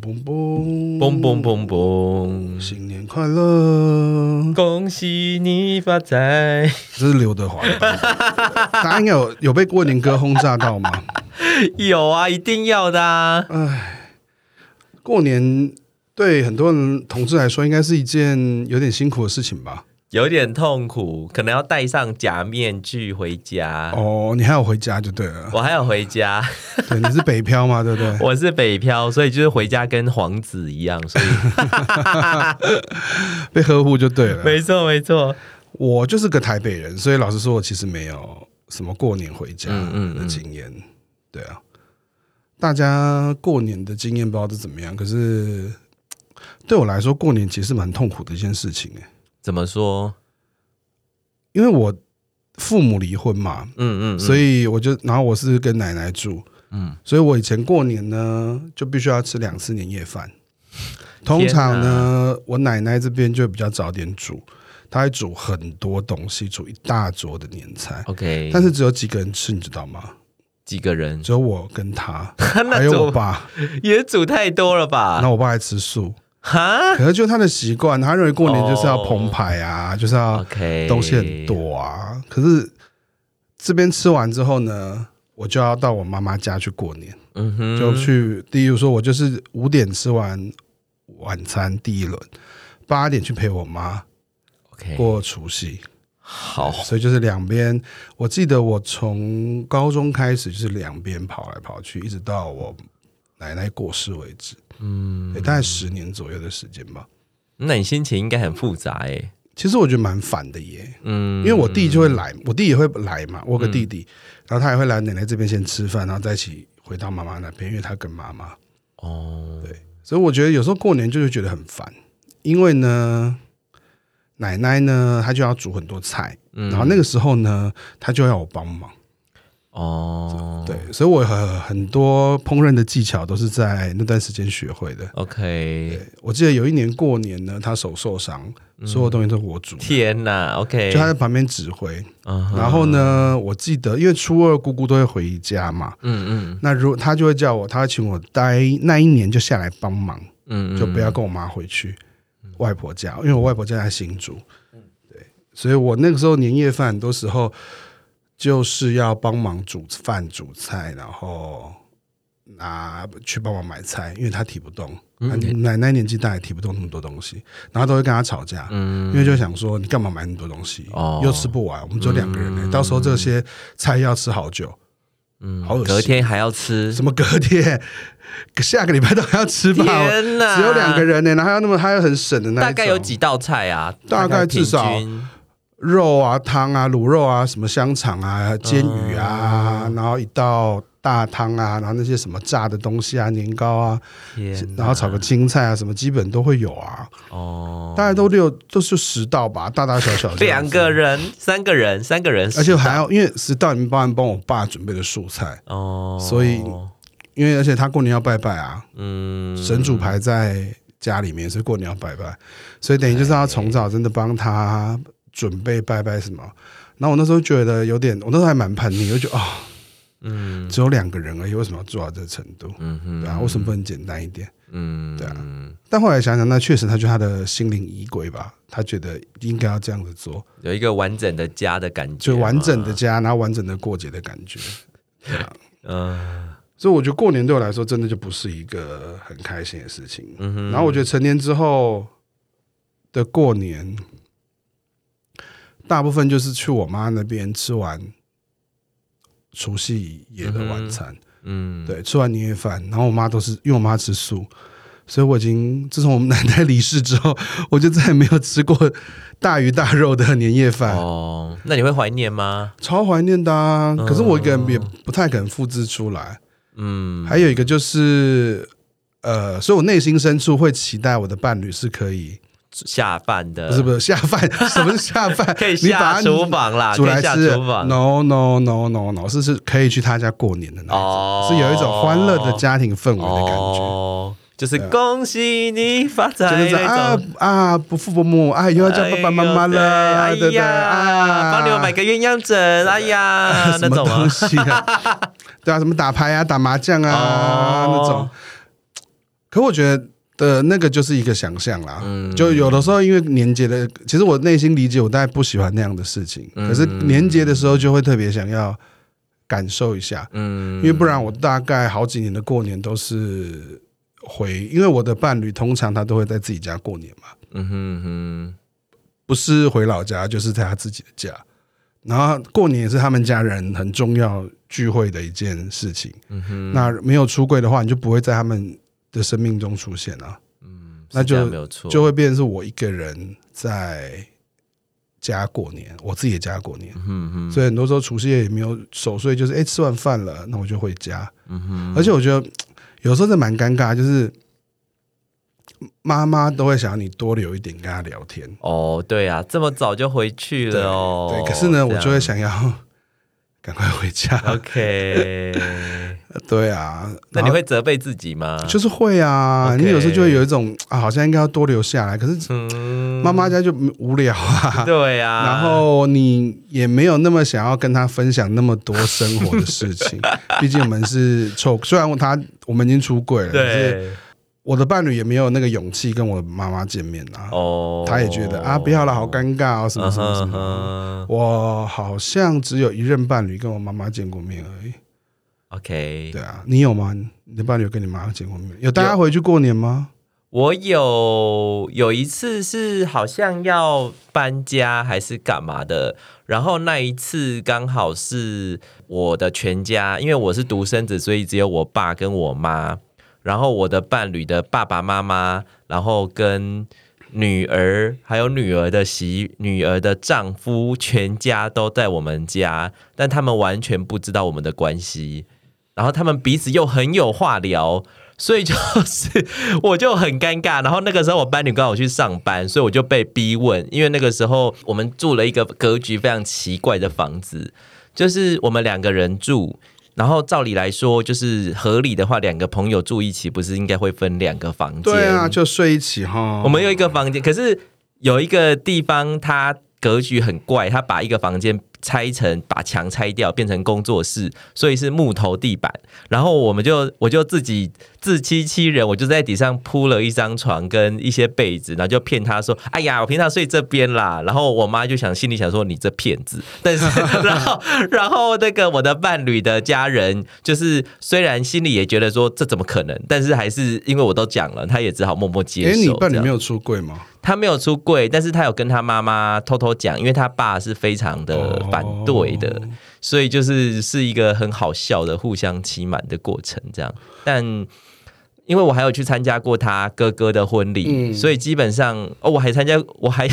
嘣嘣嘣嘣嘣！新年快樂，恭喜你發財！這是劉德華的，他應該有有被過年歌轟炸到嗎？ 有啊，一定要的啊！唉，過年對很多人同志來說，應該是一件有點辛苦的事情吧？有點痛苦，可能要戴上假面具回家。哦，你還有回家就對了。我還有回家， 對，你是北漂嗎？對不對？我是北漂，所以就是回家跟皇子一樣，所以 被呵護就對了。沒錯，沒錯。我就是個台北人，所以老實說，我其實沒有什麼過年回家的經驗。嗯嗯對啊，大家過年的經驗不知道是怎麼樣，可是對我來說，過年其實是蠻痛苦的一件事情、欸，怎麼說？因為我父母離婚嘛，嗯，嗯嗯，所以我就然後我是跟奶奶住，嗯，所以我以前過年呢就必須要吃兩次年夜飯。通常呢，哪我奶奶這邊就會比較早點煮，她會煮很多東西，煮一大桌的年菜。OK，但是只有幾個人吃，你知道嗎？幾個人只有我跟她， 那種 還有我爸也煮太多了吧？那我爸還吃素。哈，可是就他的習慣，他認為過年就是要澎湃啊，oh, 就是要東西很多啊。Okay. 可是這邊吃完之後呢，我就要到我媽媽家去過年，嗯哼，就去。例如說，我就是五點吃完晚餐第一輪，八點去陪我媽，OK，過除夕。Okay. 對好，所以就是兩邊，我記得我從高中開始就是兩邊跑來跑去，一直到我奶奶過世為止。嗯、欸，大概十年左右的時間吧。那你心情應該很複雜哎、欸。其實我覺得蠻煩的耶。嗯，因為我弟就會來，我弟也會來嘛，我有個弟弟，嗯、然後他也會來奶奶這邊先吃飯，然後再一起回到媽媽那邊，因為他跟媽媽。哦，對，所以我覺得有時候過年就會覺得很煩，因為呢，奶奶呢，她就要煮很多菜，嗯、然後那個時候呢，她就要我幫忙。哦，oh. 對，所以我很很多烹飪的技巧都是在那段時間學會的。OK，對我記得有一年過年呢，他手受傷，所有東西都我煮，嗯。天哪，OK，就他在旁邊指揮。Uh huh. 然後呢，我記得因為初二姑姑都會回家嘛，嗯嗯，那如果他就會叫我，他會請我待那一年就下來幫忙，嗯，嗯就不要跟我媽回去外婆家，因為我外婆家在新竹，對，所以我那個時候年夜飯很多時候。就是要幫忙煮飯煮菜，然後拿去幫忙買菜，因為他提不動，奶奶、嗯嗯、年紀大也提不動那麼多東西，然後都會跟他吵架，嗯、因為就想說你幹嘛買那麼多東西，哦、又吃不完，我們只有兩個人呢？欸，嗯、到時候這些菜要吃好久，嗯好，好，隔天還要吃什麼？隔天下個禮拜都還要吃飯？天哪 只有兩個人呢？欸，然後要那麼還要很省的那，大概有幾道菜啊？大概至少。肉啊，湯啊，滷肉啊，什麼香腸啊，煎魚啊，哦、然後一道大湯啊，然後那些什麼炸的東西啊，年糕啊，哪然後炒個青菜啊，什麼基本都會有啊。哦，大概都六都是十道吧，大大小小，小、就是。兩個人，三個人，三個人。而且還要道因為十道裡面包含幫我爸準備的素菜哦，所以因為而且他過年要拜拜啊，嗯，神主牌在家裡面，所以過年要拜拜，所以等於就是他從早真的幫他。準備拜拜什麼？然後我那時候覺得有點，我那時候還蠻叛逆，我就覺得啊，哦、嗯，只有兩個人而已，為什麼要做到這程度？嗯哼對啊，為什麼不能簡單一點？嗯哼，對啊。嗯、哼但後來想想，那確實，他就是他的心靈依歸吧，他覺得應該要這樣子做，有一個完整的家的感覺，就完整的家，嗎然後完整的過節的感覺。對啊、嗯哼，所以我覺得過年對我來說，真的就不是一個很開心的事情。嗯哼，然後我覺得成年之後的過年。大部分就是去我媽那邊吃完除夕夜的晚餐，嗯，嗯對，吃完年夜飯，然後我媽都是因為我媽吃素，所以我已經自從我們奶奶離世之後，我就再也沒有吃過大魚大肉的年夜飯。哦，那你會懷念嗎？超懷念的啊，可是我一個人也不太敢複製出來。嗯，還有一個就是，呃，所以我內心深處會期待我的伴侶是可以。下飯的？不是不是下飯。什麼是下飯？可以你下廚房啦，煮來吃。No no no no no，是是可以去他家過年的那種，是有一種歡樂的家庭氛圍的感覺。就是恭喜你發財，就是啊啊，伯父伯母，啊，又要叫爸爸媽媽了，哎呀，幫你們買個鴛鴦枕，哎呀，什麼東西？對啊，什麼打牌啊，打麻將啊那種。可我覺得。呃，那個就是一個想象啦，就有的時候因為年節的，其實我內心理解，我大概不喜歡那樣的事情，可是年節的時候就會特別想要感受一下，嗯，因為不然我大概好幾年的過年都是回，因為我的伴侶通常他都會在自己家過年嘛，嗯哼，不是回老家，就是在他自己的家，然後過年也是他們家人很重要聚會的一件事情，那沒有出櫃的話，你就不會在他們的生命中出現啊，嗯，是這樣沒有錯，那就就會變成是我一個人在家過年，我自己也家過年，嗯嗯哼，所以很多時候除夕夜也沒有守歲，就是哎、欸、吃完飯了，那我就回家，嗯哼，而且我覺得有時候是蠻尷尬，就是媽媽都會想要你多留一點跟她聊天，嗯，哦，對啊，這麼早就回去了哦，對，對，可是呢，哦、我就會想要趕快回家，OK。 對啊，啊那你會責備自己嗎？就是會啊，你有時候就會有一種啊，好像應該要多留下來，可是媽媽家就無聊啊。嗯、對啊，然後你也沒有那麼想要跟他分享那麼多生活的事情， 畢竟我們是出，雖然他我們已經出櫃了，但對是我的伴侶也沒有那個勇氣跟我媽媽見面啊。哦，oh. 他也覺得啊，不要了，好尷尬啊，什麼什麼什麼、uh。Huh. 我好像只有一任伴侶跟我媽媽見過面而已。OK，對啊，你有嗎？你的伴侶跟你媽結婚沒有？有大家回去過年嗎？我有，有一次是好像要搬家還是幹嘛的，然後那一次剛好是我的全家，因為我是獨生子，所以只有我爸跟我媽，然後我的伴侶的爸爸媽媽，然後跟女兒還有女兒的媳，女兒的丈夫，全家都在我們家，但他們完全不知道我們的關係。然後他們彼此又很有話聊，所以就是我就很尷尬。然後那個時候我班女剛好去上班，所以我就被逼問。因為那個時候我們住了一個格局非常奇怪的房子，就是我們兩個人住。然後照理來說，就是合理的話，兩個朋友住一起，不是應該會分兩個房間？對啊，就睡一起哈、哦。我們有一個房間，可是有一個地方，它格局很怪，他把一個房間。拆成把牆拆掉，變成工作室，所以是木頭地板。然後我們就我就自己自欺欺人，我就在地上鋪了一張床跟一些被子，然後就騙他說：“哎呀，我平常睡這邊啦。”然後我媽就想心裡想說：“你這騙子。”但是 然後然後那個我的伴侶的家人，就是雖然心裡也覺得說這怎麼可能，但是還是因為我都講了，他也只好默默接受。欸，你伴侶沒有出櫃嗎？他沒有出櫃，但是他有跟他媽媽偷偷講，因為他爸是非常的反對的，哦、所以就是是一個很好笑的互相欺瞞的過程，這樣。但因為我還有去參加過他哥哥的婚禮，嗯、所以基本上哦，我還參加，我還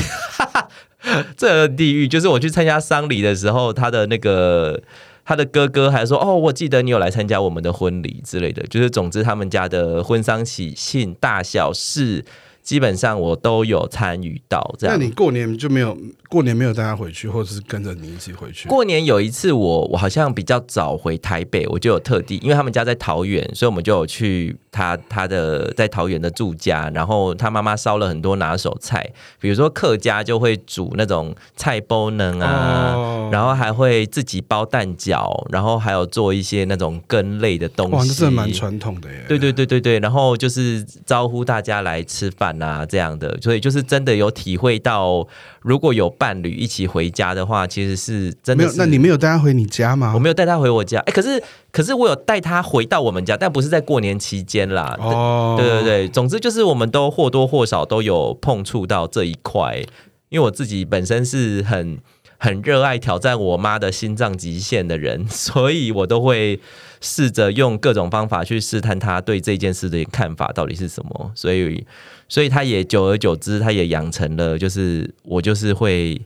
這 地獄，就是我去參加喪禮的時候，他的那個他的哥哥還說，哦，我記得你有來參加我們的婚禮之類的，就是總之他們家的婚喪喜慶大小事。基本上我都有參與到這樣。那你過年就沒有過年沒有帶他回去，或者是跟着你一起回去？過年有一次我，我我好像比較早回台北，我就有特地，因為他們家在桃園，所以我們就有去他他的在桃園的住家，然後他媽媽燒了很多拿手菜，比如說客家就會煮那種菜包能啊，然後還會自己包蛋餃，然後還有做一些那種羹類的東西。哇，這是蠻傳統的耶。對對對對對，然後就是招呼大家來吃飯。啊，這樣的，所以就是真的有體會到，如果有伴侶一起回家的話，其實是真的是。那你沒有帶他回你家嗎？我沒有帶他回我家。哎、欸，可是可是我有帶他回到我們家，但不是在過年期間啦。哦、oh.，對對對，總之就是我們都或多或少都有碰觸到這一塊，因為我自己本身是很。很熱愛挑戰我媽的心臟極限的人，所以我都會試着用各種方法去試探她對這件事的看法到底是什麼。所以，所以他也久而久之，他也養成了，就是我就是會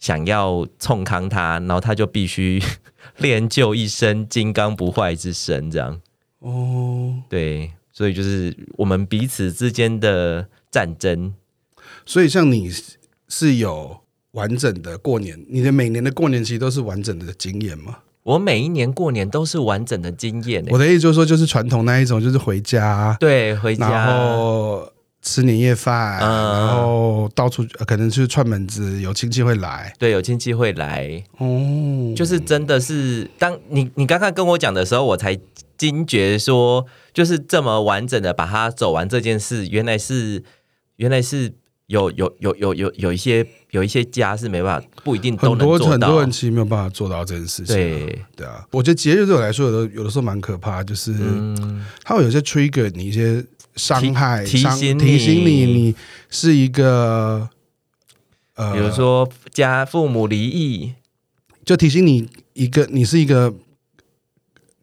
想要沖康他，然後他就必須練就一身金剛不壞之身，這樣。哦，oh. 對，所以就是我們彼此之間的戰爭。所以，像你是有。完整的過年，你的每年的過年其實都是完整的經驗嗎？我每一年過年都是完整的經驗，欸。我的意思就是說，就是傳統那一種，就是回家，對，回家，然後吃年夜飯，嗯，然後到處可能去串門子，有親戚會來，對，有親戚會來，哦，就是真的是，當你你剛剛跟我講的時候，我才驚覺說，就是這麼完整的把它走完這件事，原來是，原來是。有有有有有有一些有一些家是沒辦法，不一定都能做到，很多很多人其實沒有辦法做到這件事情。對對啊，我覺得節日對我來說有的有的時候蠻可怕，就是他會、嗯、有些 trigger 你一些傷害提，提醒，提醒你你，你是一個、呃、比如說家父母離異，就提醒你一個你是一個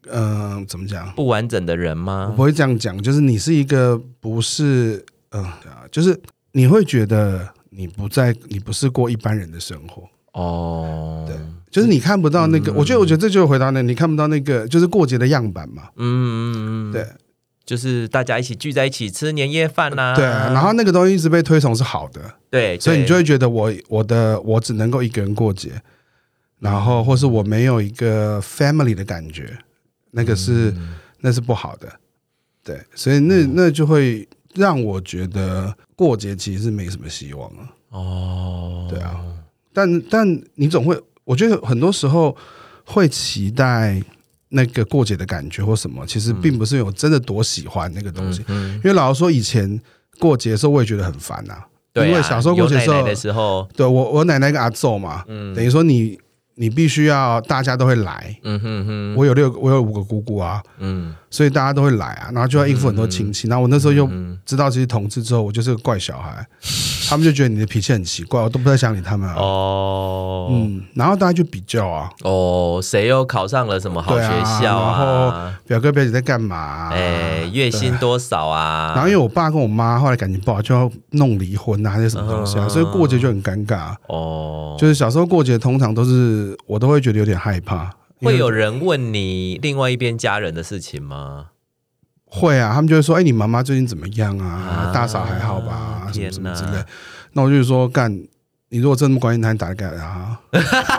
嗯、呃，怎麼講，不完整的人嗎？我會這樣講，就是你是一個不是嗯、呃，就是。你會覺得你不在，你不是過一般人的生活哦。對，就是你看不到那個，嗯、我覺得，我覺得這就是回到那個，你看不到那個，就是過節的樣板嘛。嗯，嗯對，就是大家一起聚在一起吃年夜飯吶、啊。對，然後那個東西一直被推崇是好的。對，所以你就會覺得我我的我只能夠一個人過節，然後或是我沒有一個 family 的感覺，那個是、嗯、那是不好的。對，所以那、嗯、那就會讓我覺得。過節其實是沒什麼希望了哦，對啊，但但你總會，我覺得很多時候會期待那個過節的感覺或什麼，其實並不是有真的多喜歡那個東西，嗯嗯嗯、因為老實說，以前過節的時候我也覺得很煩啊，對啊，因為小時候過節的時候，有奶奶的時候對我我奶奶跟阿祖嘛，嗯、等於說你。你必須要大家都會來，嗯、哼哼，我有六個，我有五個姑姑啊，嗯、所以大家都會來啊，然後就要應付很多親戚。那、嗯、我那時候又知道這些同志之後，我就是個怪小孩。嗯哼哼。 他們就覺得你的脾氣很奇怪，我都不太想理他們。哦，oh, 嗯，然後大家就比較啊，哦，誰又考上了什麼好學校、啊啊？然後表哥表姐在幹嘛、啊？哎、欸，月薪多少啊？然後因為我爸跟我媽後來感情不好，就要弄離婚啊，還是什麼東西啊？Oh, 所以過節就很尷尬。哦，oh. 就是小時候過節，通常都是我都會覺得有點害怕，會有人問你另外一邊家人的事情嗎？會啊，他們就會說，哎，你媽媽最近怎麼樣啊？大嫂還好吧？什麼什麼之類。天哪！那我就說，幹，你如果真的那麼關心他，你打給他啊！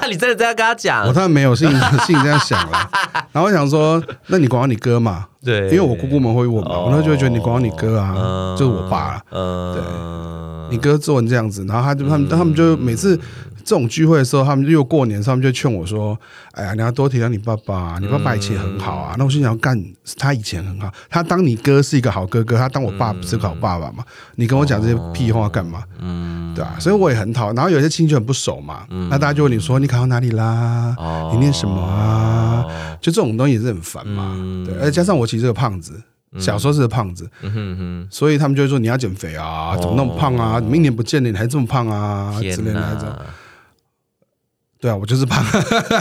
你真的這樣跟他講？我當然沒有，是是這樣想了。然後我想說，那你管好你哥嘛。對，因為我姑姑們會問嘛，我那時候就覺得你管好你哥啊，就是我爸。呃，對，你哥做人這樣子，然後他就他們他們就每次。這種聚會的時候，他們又過年時候，他們就勸我說：“哎呀，你要多體諒你爸爸，啊，你爸爸以前很好啊。嗯”那我心想，幹他以前很好，他當你哥是一個好哥哥，他當我爸不是一個好爸爸嘛。你跟我講這些屁話幹嘛，哦？嗯，對啊，所以我也很討厭，然後有些親戚很不熟嘛，嗯、那大家就問你說：“你考到哪裡啦？哦、你念什麼啊？”就這種東西也是很煩嘛。嗯、對，而且加上我其實是個胖子，小時候是個胖子，嗯哼，所以他們就會說：“你要減肥啊，怎麼那麼胖啊？哦、明年不見了你還這麼胖啊？”哪之類的那種。對啊，我就是怕，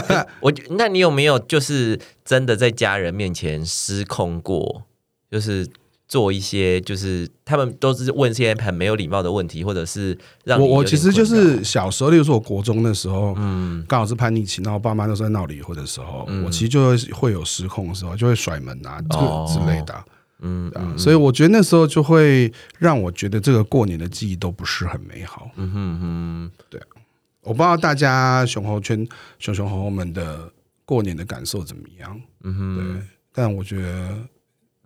嗯。我那，你有沒有就是真的在家人面前失控過？就是做一些，就是他們都是問一些很沒有禮貌的問題，或者是讓我我其實就是小時候，例如說我國中的時候，嗯，剛好是叛逆期，然後我爸媽都在鬧離婚的時候，嗯、我其實就會會有失控的時候，就會甩門啊，哦、之類的，嗯啊，嗯所以我覺得那時候就會讓我覺得這個過年的記憶都不是很美好。嗯哼哼，對，啊。我不知道大家熊猴圈熊熊猴我們的過年的感受怎麼樣？嗯哼，對，但我覺得，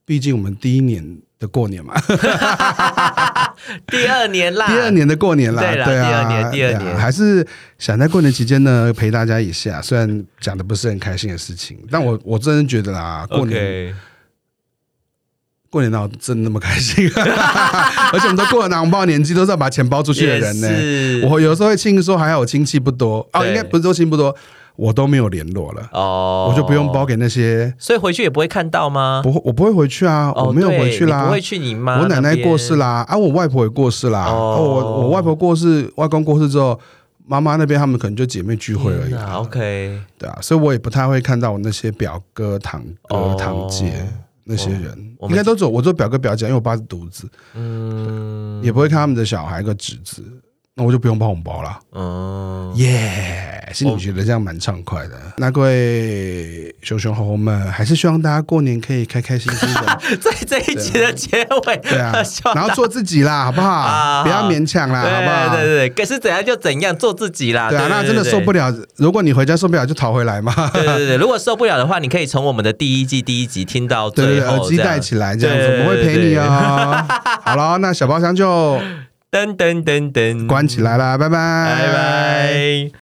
畢竟我們第一年的過年嘛 ， 第二年啦，第二年的過年啦，對啦，對啊，第二年、對啊、第二年、對啊，還是想在過年期間呢陪大家一下，雖然講的不是很開心的事情，但我我真的覺得啦，過年、okay。過年難道真那麼開心？而且我們都過了拿紅包的年紀，都是要把錢包出去的人呢。我有時候會慶幸說，還好我親戚不多啊，應該不是說親不多，我都沒有聯絡了，我就不用包給那些。所以回去也不會看到嗎？不，我不會回去啊，我沒有回去啦。不會去你媽。我奶奶過世啦，啊，我外婆也過世啦。我我外婆過世，外公過世之後，媽媽那邊他們可能就姐妹聚會而已。OK，對啊，所以我也不太會看到我那些表哥、堂哥、堂姐。那些人應該都做，我做表哥表姐，因為我爸是獨子，嗯，也不會看他們的小孩跟侄子。那我就不用包紅包了。嗯耶，心裡覺得這樣蠻暢快的。那各位熊熊猴猴們，還是希望大家過年可以開開心心的。在這一集的結尾，對啊，然後做自己啦，好不好？不要勉強啦，好不好？對對對，可是怎樣就怎樣做自己啦。對啊，那真的受不了。如果你回家受不了，就逃回來嘛。對對對，如果受不了的話，你可以從我們的第一季第一集聽到對對，耳機戴起來，這樣我會陪你哦。好了，那小包廂就。燈燈燈燈，關起來啦，拜拜，拜拜。拜拜。